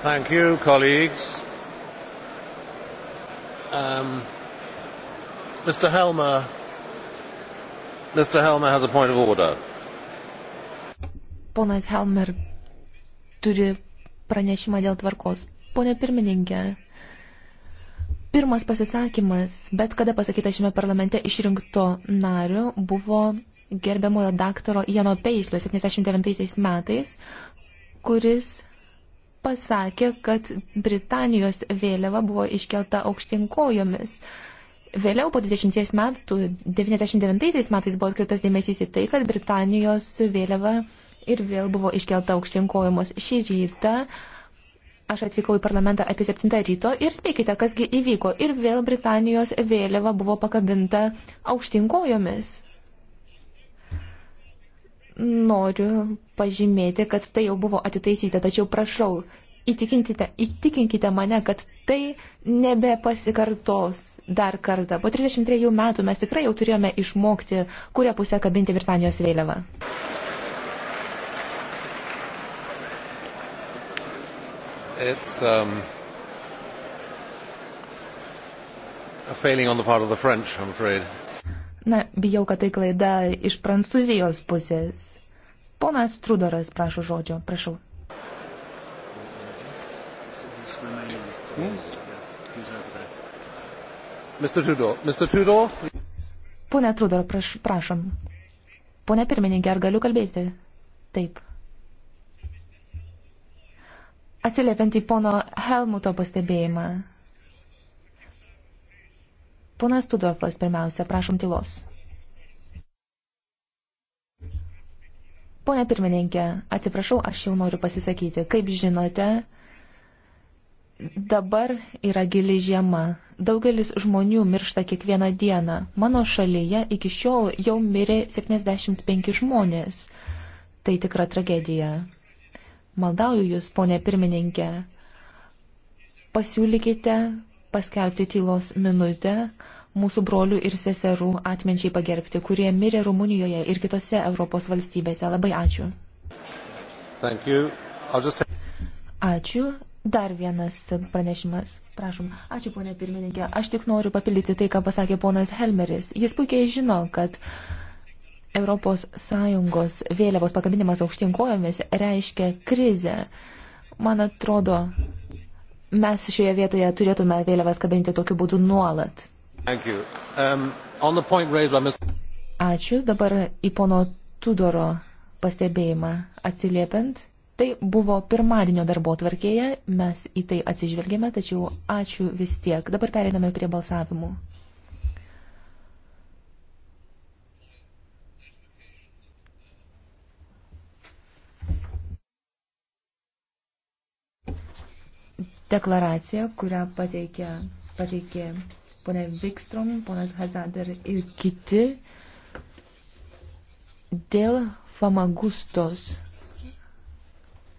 Thank you, colleagues. Um, Mr. Helmer, Mr. Helmer has a point of order. Ponas Helmer turi pranešimą dėl tvarkos. Pone pirmininkė, pirmas pasisakymas, bet kada pasakyta šiame parlamente išrinkto nario, buvo gerbiamojo daktaro Jano Peislio 79 metais, kuris pasakė, kad Britanijos vėliava buvo iškelta aukštinkojomis. Vėliau po 20 metų, 99 metais buvo atkreiptas dėmesys į tai, kad Britanijos vėliava ir vėl buvo iškelta aukštinkojomis. Šį rytą aš atvykau į parlamentą apie 7 ryto ir spėkite, kasgi įvyko. Ir vėl Britanijos vėliava buvo pakabinta aukštinkojomis noriu pažymėti, kad tai jau buvo atitaisyta, tačiau prašau, įtikinkite, įtikinkite mane, kad tai nebepasikartos dar kartą. Po 33 metų mes tikrai jau turėjome išmokti, kurią pusę kabinti Britanijos vėliavą. It's um, a failing on the part of the French, I'm afraid. Na, bijau, kad tai klaida iš Prancūzijos pusės. Ponas Trudoras prašo žodžio, prašau. Mr. Trudeau. Mr. Trudeau. Pone Trudor, praš, prašom. Pone pirmininkė, ar galiu kalbėti? Taip. Atsiliepiant į pono Helmuto pastebėjimą, Ponas Tudorfas, pirmiausia, prašom tylos. Pone pirmininkė, atsiprašau, aš jau noriu pasisakyti. Kaip žinote, dabar yra gili žiema. Daugelis žmonių miršta kiekvieną dieną. Mano šalyje iki šiol jau mirė 75 žmonės. Tai tikra tragedija. Maldauju Jūs, ponė pirmininkė, pasiūlykite paskelbti tylos minutę mūsų brolių ir seserų atminčiai pagerbti, kurie mirė Rumunijoje ir kitose Europos valstybėse. Labai ačiū. Just... Ačiū. Dar vienas pranešimas. Prašom. Ačiū, ponė pirmininkė. Aš tik noriu papildyti tai, ką pasakė ponas Helmeris. Jis puikiai žino, kad ES vėliavos pakabinimas aukštinkojomis reiškia krizę. Man atrodo, mes šioje vietoje turėtume vėliavas kabinti tokiu būdu nuolat. Um, Ačiū. Dabar į pono Tudoro pastebėjimą atsiliepiant. Tai buvo pirmadienio darbo tvarkėje, mes į tai atsižvelgėme, tačiau ačiū vis tiek. Dabar pereiname prie balsavimų. deklaraciją, kurią pateikė, pateikė ponė Vikstrom, ponas Hazader ir kiti dėl Famagustos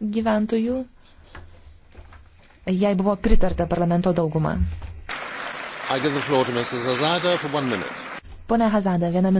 gyventojų. Jai buvo pritarta parlamento dauguma. Pone Hazada, vieną minutę.